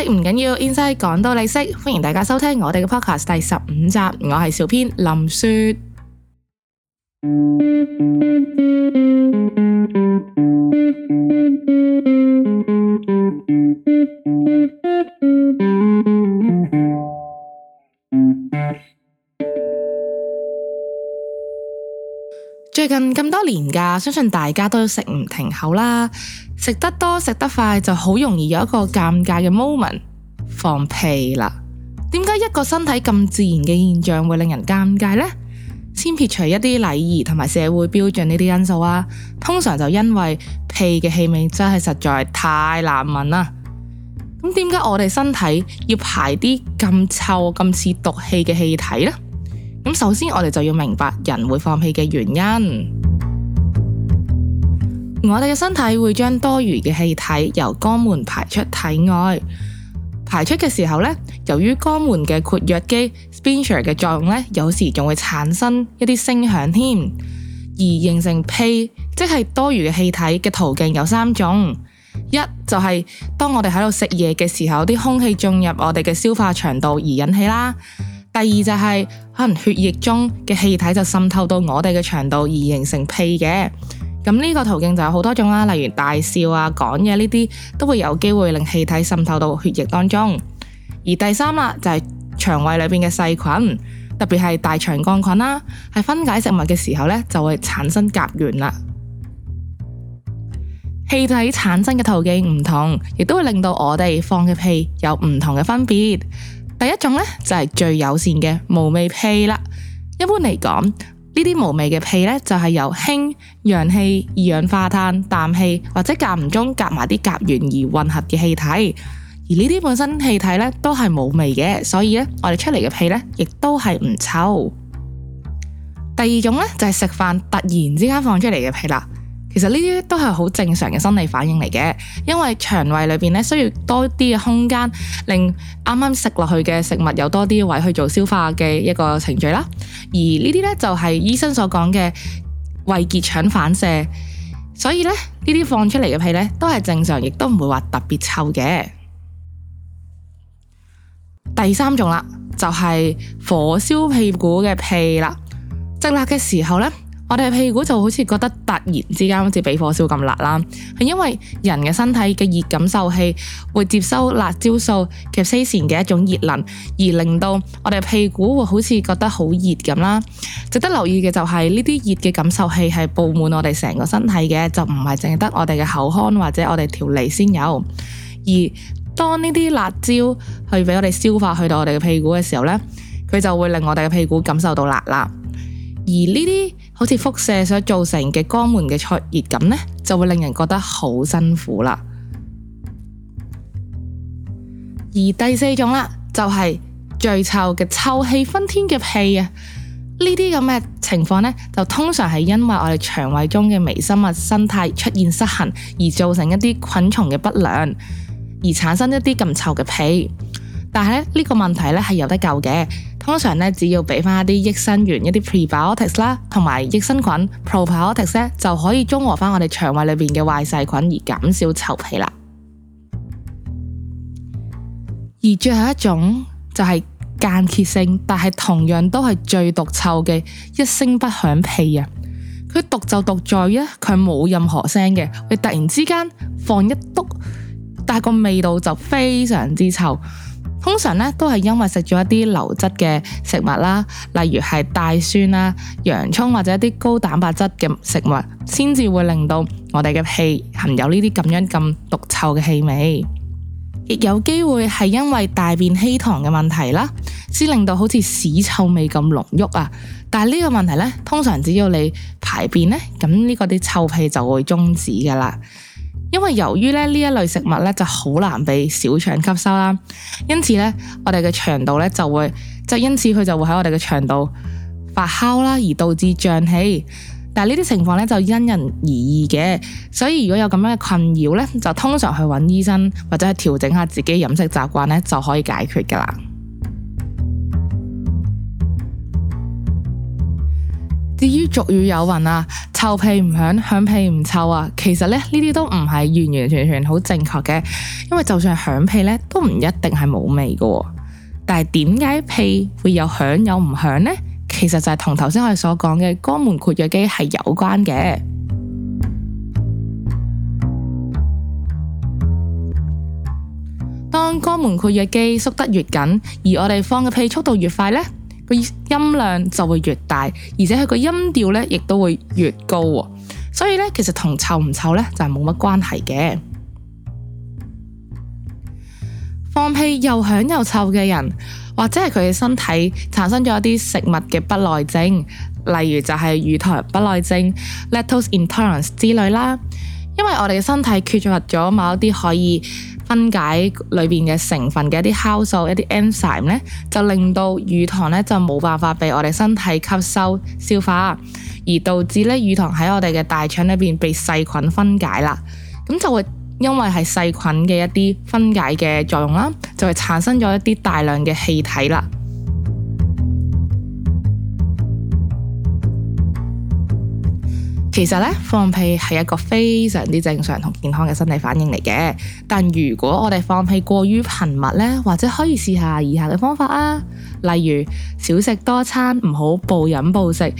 唔緊要，Insight 講到你識，歡迎大家收聽我哋嘅 Podcast 第十五集，我係小編林雪。最近咁多年假，相信大家都食唔停口啦，食得多食得快就好容易有一個尷尬嘅 moment 放屁啦。點解一個身體咁自然嘅現象會令人尷尬呢？先撇除一啲禮儀同埋社會標準呢啲因素啊，通常就因為屁嘅氣味真係實在太難聞啦。咁點解我哋身體要排啲咁臭、咁似毒氣嘅氣體呢？咁首先，我哋就要明白人會放屁嘅原因。我哋嘅身體會將多餘嘅氣體由肛門排出體外。排出嘅時候，由於肛門嘅括約肌 （sphincter） 嘅作用，有時仲會產生一啲聲響添，而形成屁。即係多餘嘅氣體嘅途徑有三種，一，一就係、是、當我哋喺度食嘢嘅時候，啲空氣進入我哋嘅消化腸道而引起啦。第二就係、是、可能血液中嘅氣體就滲透到我哋嘅腸道而形成屁嘅，咁、這、呢個途徑就有好多種啦，例如大笑啊、講嘢呢啲都會有機會令氣體滲透到血液當中。而第三啦，就係、是、腸胃裏邊嘅細菌，特別係大腸桿菌啦，係分解食物嘅時候呢就會產生甲烷啦。氣體產生嘅途徑唔同，亦都會令到我哋放嘅屁有唔同嘅分別。第一種呢就係最友善嘅無味屁啦。一般嚟講，呢啲無味嘅屁呢就係由氫、氧氣、二氧化碳、氮氣或者間唔中夾埋啲甲烷而混合嘅氣體。而呢啲本身氣體呢都係無味嘅，所以呢我哋出嚟嘅屁呢亦都係唔臭。第二種呢就係食飯突然之間放出嚟嘅屁啦。其實呢啲都係好正常嘅生理反應嚟嘅，因為腸胃裏邊咧需要多啲嘅空間，令啱啱食落去嘅食物有多啲位去做消化嘅一個程序啦。而呢啲呢，就係、是、醫生所講嘅胃結腸反射，所以咧呢啲放出嚟嘅屁呢，都係正常，亦都唔會話特別臭嘅。第三種啦，就係、是、火燒屁股嘅屁啦，即辣嘅時候呢，我哋嘅屁股就好似覺得突然之間好似俾火燒咁辣啦，係因為人嘅身體嘅熱感受器會接收辣椒素及細線嘅一種熱能，而令到我哋屁股會好似覺得好熱咁啦。值得留意嘅就係呢啲熱嘅感受器係佈滿我哋成個身體嘅，就唔係淨係得我哋嘅口腔或者我哋條脷先有。而當呢啲辣椒去俾我哋消化去到我哋嘅屁股嘅時候呢，佢就會令我哋嘅屁股感受到辣辣。而呢啲好似輻射所造成嘅肛門嘅灼熱感呢，就會令人覺得好辛苦啦。而第四種啦，就係最臭嘅臭氣熏天嘅屁啊！呢啲咁嘅情況呢，就通常係因為我哋腸胃中嘅微生物生態出現失衡，而造成一啲菌蟲嘅不良，而產生一啲咁臭嘅屁。但係咧，呢個問題呢，係有得救嘅。通常咧，只要俾翻一啲益生元、一啲 prebiotics 啦，同埋益生菌 probiotics 咧，probiotics, 就可以中和翻我哋腸胃裏邊嘅壞細菌，而減少臭屁啦。而最後一種就係、是、間歇性，但係同樣都係最毒臭嘅一聲不響屁啊！佢毒就毒在啊，佢冇任何聲嘅，佢突然之間放一督，但係個味道就非常之臭。通常咧都係因為食咗一啲流質嘅食物啦，例如係大蒜啦、洋蔥或者一啲高蛋白質嘅食物，先至會令到我哋嘅屁含有呢啲咁樣咁毒臭嘅氣味。亦有機會係因為大便稀糖嘅問題啦，先令到好似屎臭味咁濃郁啊！但係呢個問題呢，通常只要你排便呢，咁呢個啲臭屁就會終止噶啦。因為由於咧呢一類食物咧就好難被小腸吸收啦，因此咧我哋嘅腸道咧就會，即係因此佢就會喺我哋嘅腸道發酵啦，而導致脹氣。但係呢啲情況咧就因人而異嘅，所以如果有咁樣嘅困擾咧，就通常去揾醫生或者係調整下自己飲食習慣咧就可以解決噶啦。至於俗語有云啊，臭屁唔響，響屁唔臭啊，其實呢啲都唔係完完全全好正確嘅，因為就算係響屁呢，都唔一定係冇味嘅。但係點解屁會有響有唔響呢？其實就係同頭先我哋所講嘅肛門括約肌係有關嘅。當肛門括約肌縮得越緊，而我哋放嘅屁速度越快呢，個音量就會越大，而且佢個音調咧亦都會越高，所以咧其實同臭唔臭咧就係冇乜關係嘅。放屁又響又臭嘅人，或者係佢嘅身體產生咗一啲食物嘅不耐症，例如就係乳糖不耐症 l e t t u s e intolerance） 之類啦，因為我哋嘅身體缺乏咗某一啲可以。分解裏邊嘅成分嘅一啲酵素，一啲 enzyme 呢，就令到乳糖呢就冇辦法被我哋身體吸收消化，而導致呢乳糖喺我哋嘅大腸裏邊被細菌分解啦。咁就會因為係細菌嘅一啲分解嘅作用啦，就會產生咗一啲大量嘅氣體啦。其實咧，放屁係一個非常之正常同健康嘅身體反應嚟嘅。但如果我哋放屁過於頻密呢，或者可以試一下以下嘅方法啊，例如少食多餐，唔好暴飲暴食，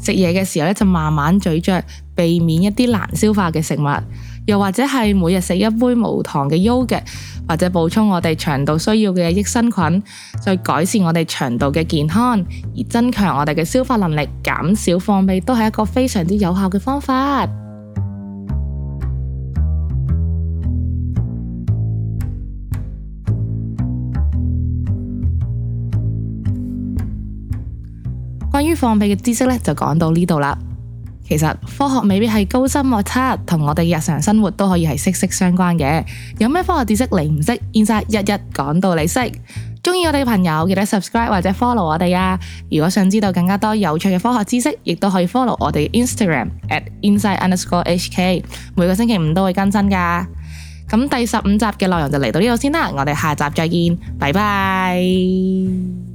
食嘢嘅時候咧就慢慢嘴咀嚼，避免一啲難消化嘅食物，又或者係每日食一杯無糖嘅 Yogurt。或者補充我哋腸道需要嘅益生菌，再改善我哋腸道嘅健康，而增強我哋嘅消化能力，減少放屁，都係一個非常之有效嘅方法。關於放屁嘅知識咧，就講到呢度啦。其實科學未必係高深莫測，同我哋日常生活都可以係息息相關嘅。有咩科學知識你唔識？Inside 一一講到你識。中意我哋嘅朋友記得 subscribe 或者 follow 我哋啊！如果想知道更加多有趣嘅科學知識，亦都可以 follow 我哋 Instagram at inside_hk。Ins k, 每個星期五都會更新噶。咁第十五集嘅內容就嚟到呢度先啦，我哋下集再見，拜拜。